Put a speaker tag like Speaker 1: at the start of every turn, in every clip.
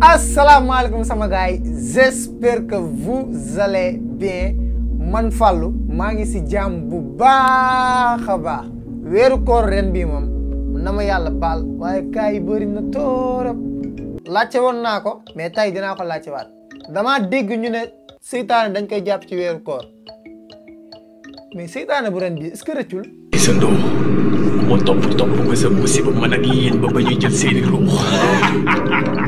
Speaker 1: asalaamaaleykum sama gars yi j'espère que vous allez bien man fàllu maa ngi si jàmm bu baax a baax weeru koor ren bii moom na ma yàlla baal waaye kaa yi bëri na torop laajte woon naa ko mais tey dinaa ko laajte waat damaa dégg ñu ne seytaane dañ koy jàpp ci weeru koor mais seytaane bu ren bi est-ce que rëccul sa doom
Speaker 2: moo topp sa musiba man ak yéen ba ba ñuy jël seeni ruux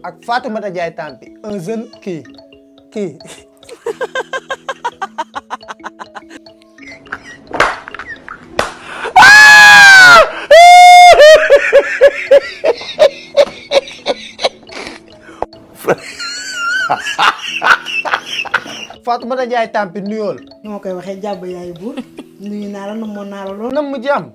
Speaker 1: ak Fatoumata jaay Tampi un jeune kii kii. Fatoumata Ndiaye Tampi nuyool. nu ma koy waxee jàbb yaay buur nuyu naa la namoon naa la lool. nam mu jàmm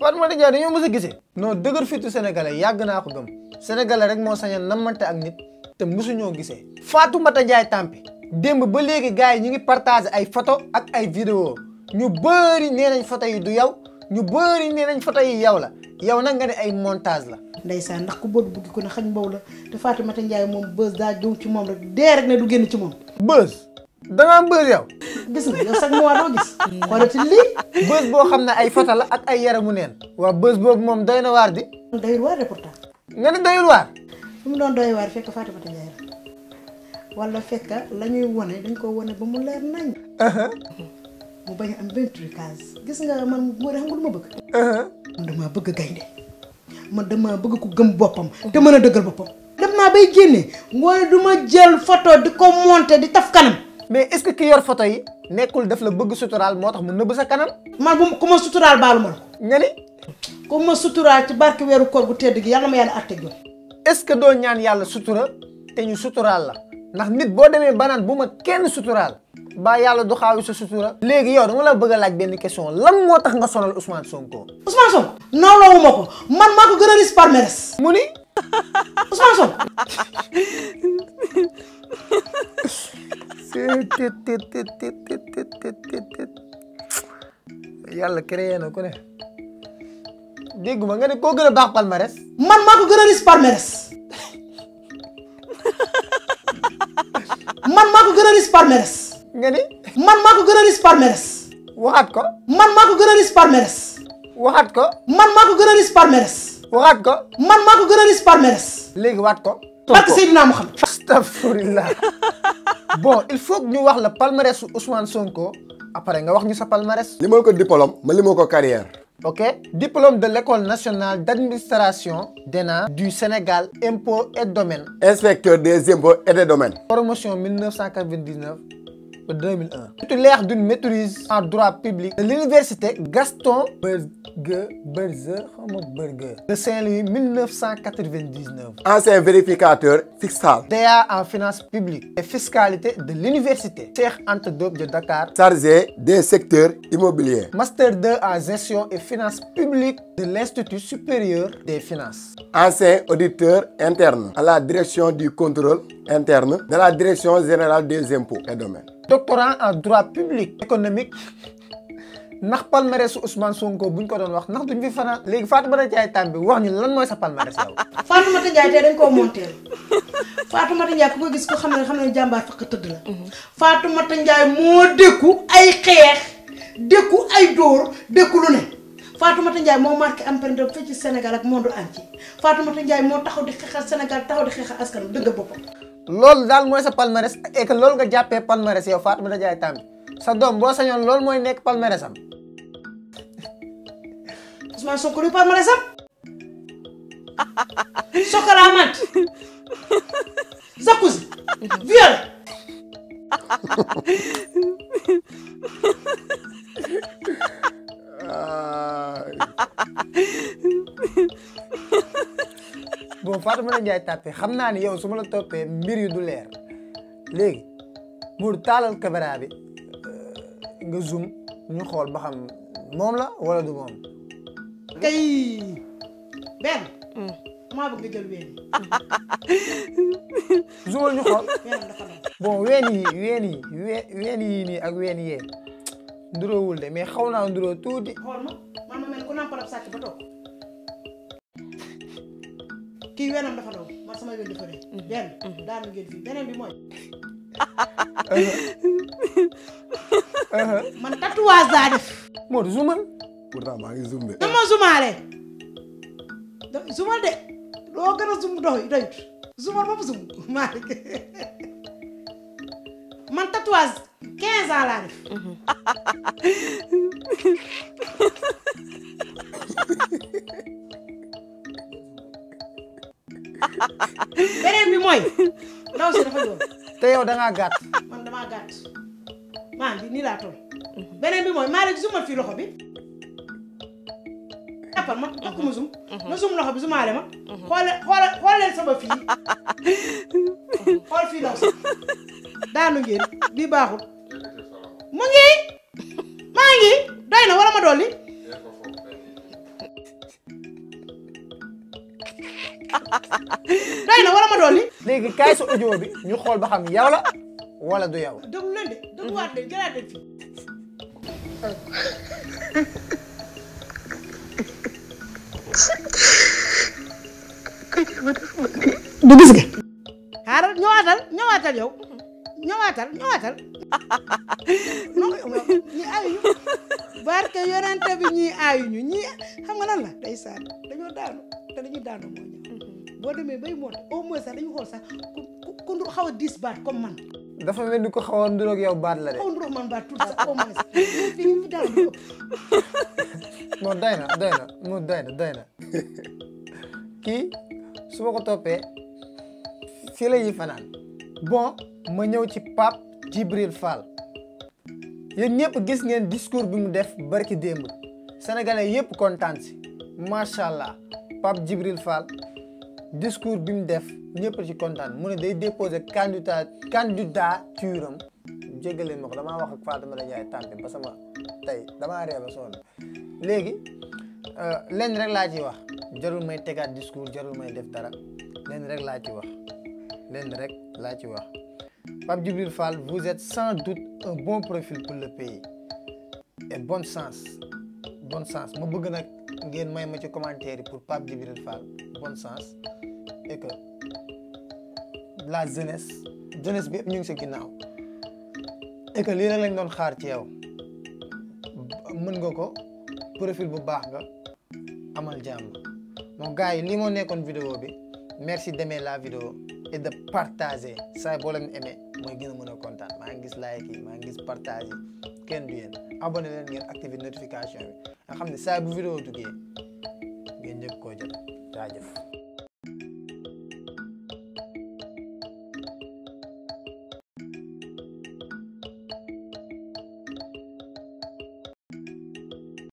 Speaker 1: Fatoumata Ndiaye dañoo mës a gisee. non dëgër fitu sénégalais yàgg naa ko gëm. sénégalais rek moo sañal a namante ak nit te mosuñoo gisee. Fatoumata Ndiaye Tampi démb ba léegi gars yi ñu ngi partagé ay photo ak ay vidéo ñu bëri nee nañ photo yi du yow ñu bëri nee
Speaker 2: nañ photo yi yow la yow nag nga ne ay montage la. ndeysaan ndax ku bët buggi ko ne xañ mbaw la te Fatoumata Ndiaye moom bës daa jëw ci moom rek dee rek ne du génn ci moom. bës da ngaa yow.
Speaker 1: gis nga yow sax mu lii. bës boo xam ne ay photo la ak ay yaramu neen.
Speaker 2: waa bës boobu moom doy na waar di. nga ne doyul waar su mu doon doy war fekk fatima ta la wala fekk lañuy woné dañ ko woné ba mu leer nañ mu bañ am benn trucage gis nga man mo xam nguluma lu ma bëgg man dama bëgg gaynde man dama bëgg ku gëm bopam te mëna dëggal bopam dem na bay génne ngoone duma jël photo di ko monter di taf kanam mais est ce que ki yor photo yi nekul def la bëgg sutural motax mu neub sa kanam man bu ko mo sutural baalu ñani comme ma suturaal ci barke weeru koor gu tedd gi yàlla ma yàlla àtte jox est-ce que doo ñaan yàlla
Speaker 1: sutura te ñu suturaal la ndax nit boo demee banaan bu ma kenn suturaal baa yàlla du xaawi sa sutura léegi yow dama la bëgg a laaj benn question lan moo tax nga sonal Ousmane Sonko Ousmane
Speaker 2: Sonko nawloowu ma ko man maa ko gën a ris parmeres mu ni Ousmane Sonko
Speaker 1: yàlla créé na ko ne
Speaker 2: déggu nga ne baax palmarès. man mako gëna ris palmarès. man ko palmarès. nga ni. man mako gëna ris palmarès. waxaat ko. man mako gëna ris palmarès. waxaat ko. man mako gëna ris palmarès. waxaat ko. man maa ko gën a palmarès. léegi waat ko. parce que Seydina Mouhamed. bon il faut que ñu wax la palmarès
Speaker 1: Ousmane Sonko après nga wax ñu sa palmarès. li ko diplôme ma li ko carrière. ok diplôme de l'école nationale d'administration du Sénégal impôts et domaines
Speaker 2: inspecteur des impôts et des domaines
Speaker 1: promotion 1999 2001. Titulaire d'une maîtrise en droit public de l'université Gaston Berger, de Saint-Louis 1999.
Speaker 2: Ancien vérificateur fiscal.
Speaker 1: DA en finances publiques et fiscalité de l'université Cheikh Antedope de Dakar.
Speaker 2: Chargé des secteurs immobiliers.
Speaker 1: Master 2 en gestion et finances publiques de l'Institut supérieur des finances.
Speaker 2: Ancien auditeur interne à la direction du contrôle interne de la direction générale des impôts et domaines.
Speaker 1: doctorant en droit public économique ndax palmarès Ousmane Sonko buñ ko doon wax ndax duñ
Speaker 2: fi légui Fatou Mata Ndiaye Tambi wax ñu lan moy sa palmarès yow. Mata Ndiaye té dañ koo Fatou Mata Ndiaye ku ko gis ko xam ne jambar ne jàmbaar faq tëdd la. Mhm. Fatoumata Ndiaye mo dëkku ay xeex dëkku ay dóor dëkku lu Fatou Mata Ndiaye mo marqué empreinte fii ci Sénégal ak monde entier Mata Ndiaye mo taxaw di xeexal Sénégal taxaw di xeexal askan dëgg Lol dal moy sa palmarès et que lol nga jappé palmarès yow da jay tam sa dom bo sañon lol moy nek palmarès am. Ousmane Sonko du palmarès am. Sokala Viol.
Speaker 1: Fatoumata Ndiaye tàppe xam naa ni yow su ma la toppee mbir yu du leer léegi mu taalal caméra bi euh, nga zoom ñu xool ba xam moom la wala du moom.
Speaker 2: kay benn. Mm. maa
Speaker 1: xool. bon ween yi ween yi ween ak ween yee. nduroowul de mais xaw naa nduroo tuuti.
Speaker 2: xool ma man ma mel ku naan parab sàcc ba toog. kii wenam dafa daw man sama wen dafa dee mhm. benn mhm. daanu ngeen fii beneen bi mooy uh-huh. Uh-huh. man tatouage daa def moo zumal pourtant maa ngi zumbe dama zumaale zumal de loo gën a zum doy doyut zumal boobu zum maa man tatouage quinze ans beneen bi mooy ndaw si dafa ñëw. te yow da ngaa gàtt. man damaa gàtt maa ngi nii laa toll. beneen bi mooy maa la gisul ma fii loxo bi. jàppal ma takku sum. ma sum loxo bi sumaale ma. xoolee xoole xoolee sama fii xool fii si daanu ngeen bii baaxul mu ngi maa ngi doy na wala ma dolli. doy na wala ma dolli.
Speaker 1: léegi kaay sa audio bi ñu xool ba xam yow la wala du yow.
Speaker 2: déglu leen de dégluwaat leen gënaat leen fi. du gis nga. xaaral ñëwaatal ñëwaatal yow ñëwaatal ñëwaatal. ñi ayuñu barke dañoo daanu te dañuy daanu boo demee bay moot au moins dañu xool sax ku ndur xaw a comme man
Speaker 1: dafa mel ko xaw a nduróog yow baat la de xaw man baat tuuti sax au moins fi ñu daal moo doy na doy na moo doy ko bon ma ci Fall yéen ñëpp gis ngeen discours bi mu def barki démb sénégalais yépp kontaan macha allah Pape Djibril Fall discours bim def ñëpp ci contane mu ne déposer candidat candidature am jéggal leen wax ak Ndiaye ba sama dama légui euh rek la ci wax jarul may discours jarul may def dara rek la ci wax je rek la ci wax Pape Djibril Fall vous êtes sans doute un bon profil pour le pays et bon sens bon sens ma bëgg que ngeen commentaire pour Pape Djibril Fall bon sens et que la jeunesse jeunesse bi yëpp ñu ngi si ginnaaw et lii rek lañ doon xaar ci yow mën nga ko profil bu baax nga amal jàmm moom gars yi lii moo nekkoon vidéo bi merci demee la vidéo et de partager saa boo leen aimé mooy gën mën a kontaan maa ngi gis like yi maa ngi gis partage yi kenn du yéen abonné leen ngeen activer notification bi nga xam ne saa bu vidéo duggee ngeen njëkk koo jot jaajëf